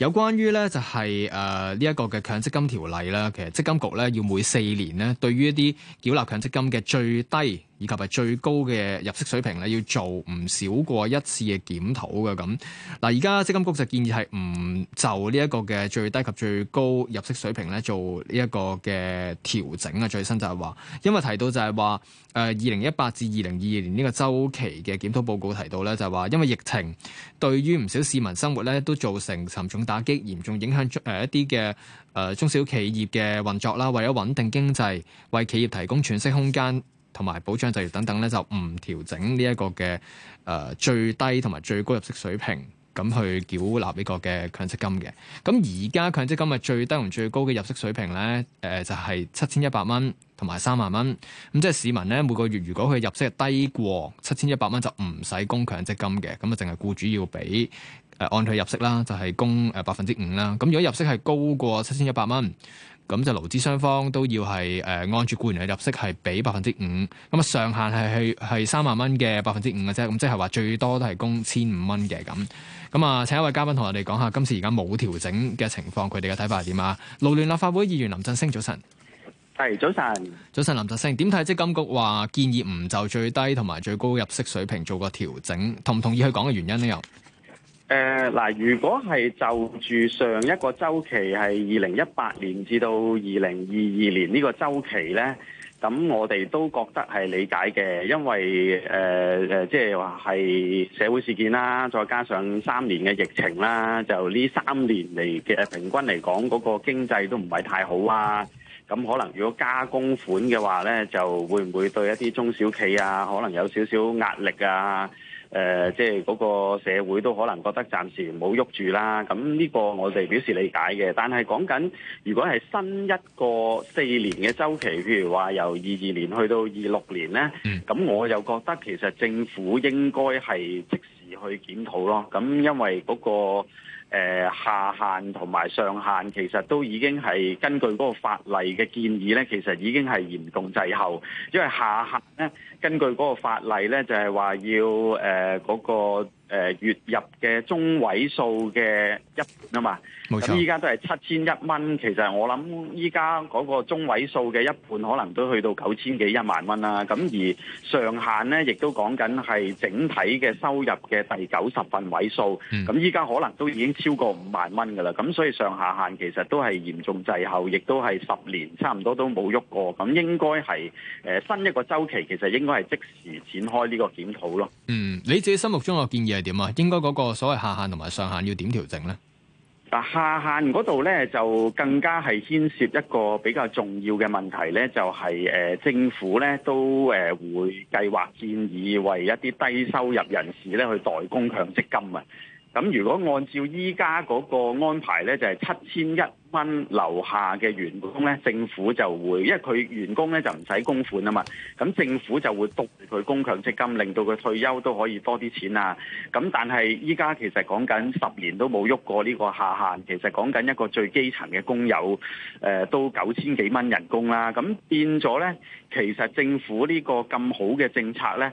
有關於咧就係誒呢一個嘅強積金條例啦，其實積金局咧要每四年咧對於一啲繳納強積金嘅最低以及係最高嘅入息水平咧要做唔少過一次嘅檢討嘅。咁，嗱而家積金局就建議係唔就呢一個嘅最低及最高入息水平咧，做呢一個嘅調整啊！最新就係話，因為提到就係話，誒二零一八至二零二二年呢個週期嘅檢討報告提到咧，就係話，因為疫情對於唔少市民生活咧都造成沉重打擊，嚴重影響出一啲嘅誒中小企業嘅運作啦。為咗穩定經濟，為企業提供喘息空間同埋保障就業等等，就等等咧，就唔調整呢一個嘅誒最低同埋最高入息水平。咁去繳納呢個嘅強積金嘅，咁而家強積金嘅最低同最高嘅入息水平咧，誒、呃、就係七千一百蚊同埋三萬蚊，咁即係市民咧每個月如果佢入息係低過七千一百蚊就唔使供強積金嘅，咁啊淨係僱主要俾誒、呃、按佢入息啦，就係、是、供誒百分之五啦，咁如果入息係高過七千一百蚊。咁就勞資雙方都要係誒、呃、按住僱員嘅入息係俾百分之五，咁啊上限係去係三萬蚊嘅百分之五嘅啫，咁即係話最多都係供千五蚊嘅咁。咁啊請一位嘉賓同我哋講下今次而家冇調整嘅情況，佢哋嘅睇法係點啊？勞聯立法會議員林振昇，早晨。係，早晨。早晨，林振昇，點睇？積金局話建議唔就最低同埋最高入息水平做個調整，同唔同意佢講嘅原因呢？又？誒嗱、呃，如果係就住上一個週期係二零一八年至到二零二二年呢個週期呢，咁我哋都覺得係理解嘅，因為誒誒，即係話係社會事件啦，再加上三年嘅疫情啦，就呢三年嚟嘅平均嚟講，嗰、那個經濟都唔係太好啊。咁可能如果加供款嘅話呢，就會唔會對一啲中小企啊，可能有少少壓力啊？誒、呃，即係嗰個社會都可能覺得暫時唔好喐住啦。咁呢個我哋表示理解嘅，但係講緊如果係新一個四年嘅周期，譬如話由二二年去到二六年呢，咁我又覺得其實政府應該係即時去檢討咯。咁因為嗰、那個。誒、呃、下限同埋上限其實都已經係根據嗰個法例嘅建議咧，其實已經係嚴重滯後。因為下限咧，根據嗰個法例咧，就係、是、話要誒嗰、呃那個、呃、月入嘅中位數嘅一半啊嘛。冇錯。依家都係七千一蚊，其實我諗依家嗰個中位數嘅一半可能都去到九千幾一萬蚊啦。咁而上限咧，亦都講緊係整體嘅收入嘅第九十分位數。咁依家可能都已經。超過五萬蚊嘅啦，咁所以上下限其實都係嚴重滯後，亦都係十年差唔多都冇喐過。咁應該係誒、呃、新一個周期，其實應該係即時展開呢個檢討咯。嗯，你自己心目中嘅建議係點啊？應該嗰個所謂下限同埋上限要點調整咧？啊，下限嗰度咧就更加係牽涉一個比較重要嘅問題咧，就係、是、誒、呃、政府咧都誒、呃、會計劃建議為一啲低收入人士咧去代供強積金啊。咁如果按照依家嗰個安排咧，就係七千一蚊樓下嘅員工咧，政府就會因為佢員工咧就唔使供款啊嘛，咁政府就會督佢供強積金，令到佢退休都可以多啲錢啊。咁但係依家其實講緊十年都冇喐過呢個下限，其實講緊一個最基層嘅工友，誒、呃、都九千幾蚊人工啦。咁變咗咧，其實政府呢個咁好嘅政策咧。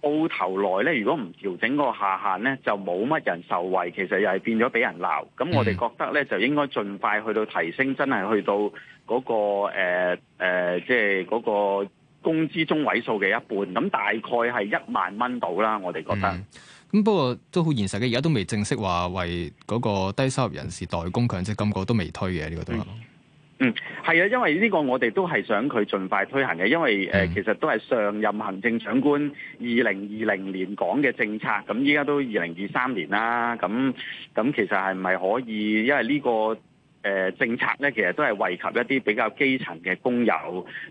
到頭來咧，如果唔調整個下限咧，就冇乜人受惠。其實又係變咗俾人鬧。咁我哋覺得咧，嗯、就應該盡快去到提升，真係去到嗰、嗰個誒、呃呃、即係嗰個工資中位數嘅一半。咁大概係一萬蚊到啦。我哋覺得咁、嗯、不過都好現實嘅，而家都未正式話為嗰個低收入人士代工強積金，個都未推嘅呢個都。嗯嗯，係啊，因為呢個我哋都係想佢盡快推行嘅，因為誒、呃、其實都係上任行政長官二零二零年講嘅政策，咁依家都二零二三年啦，咁咁其實係唔係可以？因為呢個。誒政策咧，其實都係惠及一啲比較基層嘅工友。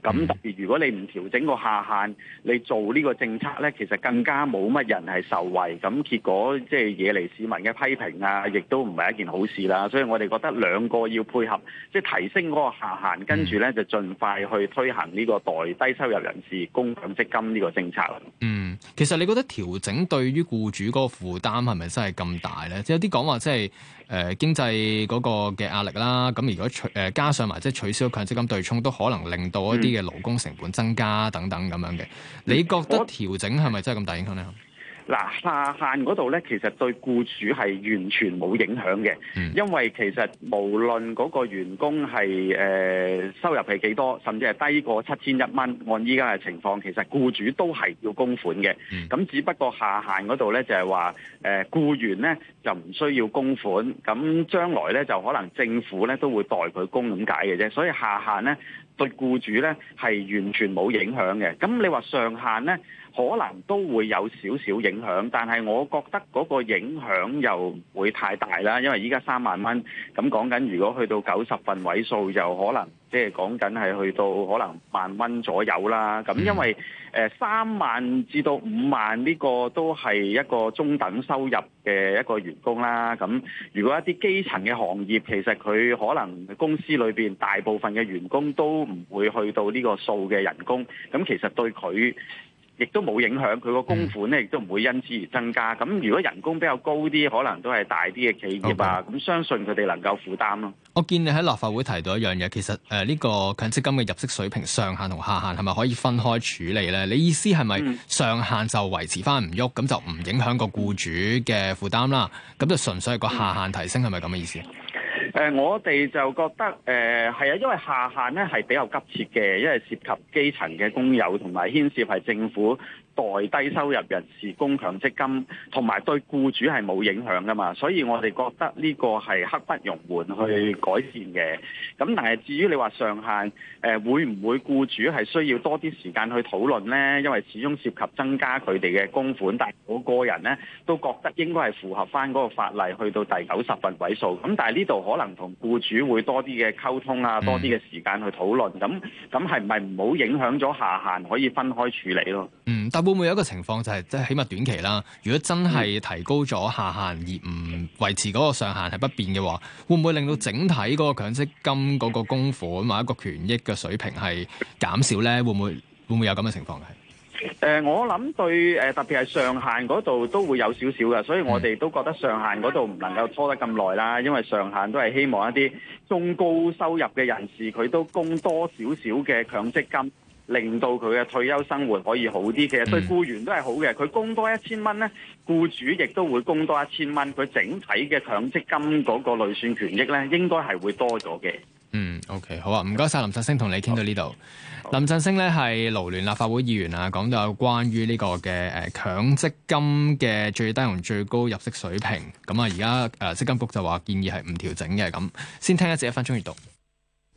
咁特別如果你唔調整個下限，你做呢個政策咧，其實更加冇乜人係受惠。咁結果即係惹嚟市民嘅批評啊，亦都唔係一件好事啦。所以我哋覺得兩個要配合，即係提升嗰個下限，跟住咧就盡快去推行呢個代低收入人士供強積金呢個政策。嗯，其實你覺得調整對於僱主嗰個負擔係咪真係咁大咧？即係有啲講話即係誒經濟嗰個嘅壓力。啦，咁如果除誒加上埋即係取消強積金對沖，都可能令到一啲嘅勞工成本增加等等咁樣嘅。嗯，你覺得調整係咪真係咁大影響咧？嗱，下限嗰度咧，其實對僱主係完全冇影響嘅，因為其實無論嗰個員工係誒、呃、收入係幾多，甚至係低過七千一蚊，按依家嘅情況，其實僱主都係要供款嘅。咁、嗯、只不過下限嗰度咧，就係話誒僱員咧就唔需要供款，咁將來咧就可能政府咧都會代佢供咁解嘅啫，所以下限咧。對僱主呢係完全冇影響嘅，咁你話上限呢，可能都會有少少影響，但係我覺得嗰個影響又唔會太大啦，因為依家三萬蚊，咁講緊如果去到九十份位數，又可能。即係講緊係去到可能萬蚊左右啦，咁因為誒三萬至到五萬呢個都係一個中等收入嘅一個員工啦。咁如果一啲基層嘅行業，其實佢可能公司裏邊大部分嘅員工都唔會去到呢個數嘅人工，咁其實對佢。亦都冇影響，佢個供款咧亦都唔會因此而增加。咁如果人工比較高啲，可能都係大啲嘅企業啊。咁 Okay. 相信佢哋能夠負擔咯。我見你喺立法會提到一樣嘢，其實誒呢個強積金嘅入息水平上限同下限係咪可以分開處理咧？你意思係咪上限就維持返唔喐，咁就唔影響個僱主嘅負擔啦？咁就純粹係個下限提升，係咪咁嘅意思？誒、呃，我哋就覺得誒係啊，因為下限咧係比較急切嘅，因為涉及基層嘅工友同埋牽涉係政府代低收入人士供強積金，同埋對僱主係冇影響噶嘛，所以我哋覺得呢個係刻不容緩去改善嘅。咁但係至於你話上限誒、呃，會唔會僱主係需要多啲時間去討論呢？因為始終涉及增加佢哋嘅供款，但係我個人呢都覺得應該係符合翻嗰個法例去到第九十分位數。咁但係呢度可能同僱主會多啲嘅溝通啊，多啲嘅時間去討論，咁咁係咪唔好影響咗下限，可以分開處理咯。嗯，但會唔會有一個情況就係，即係起碼短期啦。如果真係提高咗下限而唔維持嗰個上限係不變嘅話，會唔會令到整體嗰個強積金嗰個供款或者一個權益嘅水平係減少咧？會唔會，會唔會有咁嘅情況嘅？誒、呃，我諗對誒、呃，特別係上限嗰度都會有少少嘅，所以我哋都覺得上限嗰度唔能夠拖得咁耐啦，因為上限都係希望一啲中高收入嘅人士佢都供多少少嘅強積金，令到佢嘅退休生活可以好啲。其實對僱員都係好嘅，佢供多一千蚊咧，僱主亦都會供多一千蚊，佢整體嘅強積金嗰個累算權益咧，應該係會多咗嘅。嗯，OK，好啊，唔該晒林振昇，同你傾到呢度。林振昇咧係勞聯立法會議員啊，講到有關於呢個嘅誒強積金嘅最低同最高入息水平。咁啊，而家誒積金局就話建議係唔調整嘅，咁先聽一節一分鐘閱讀。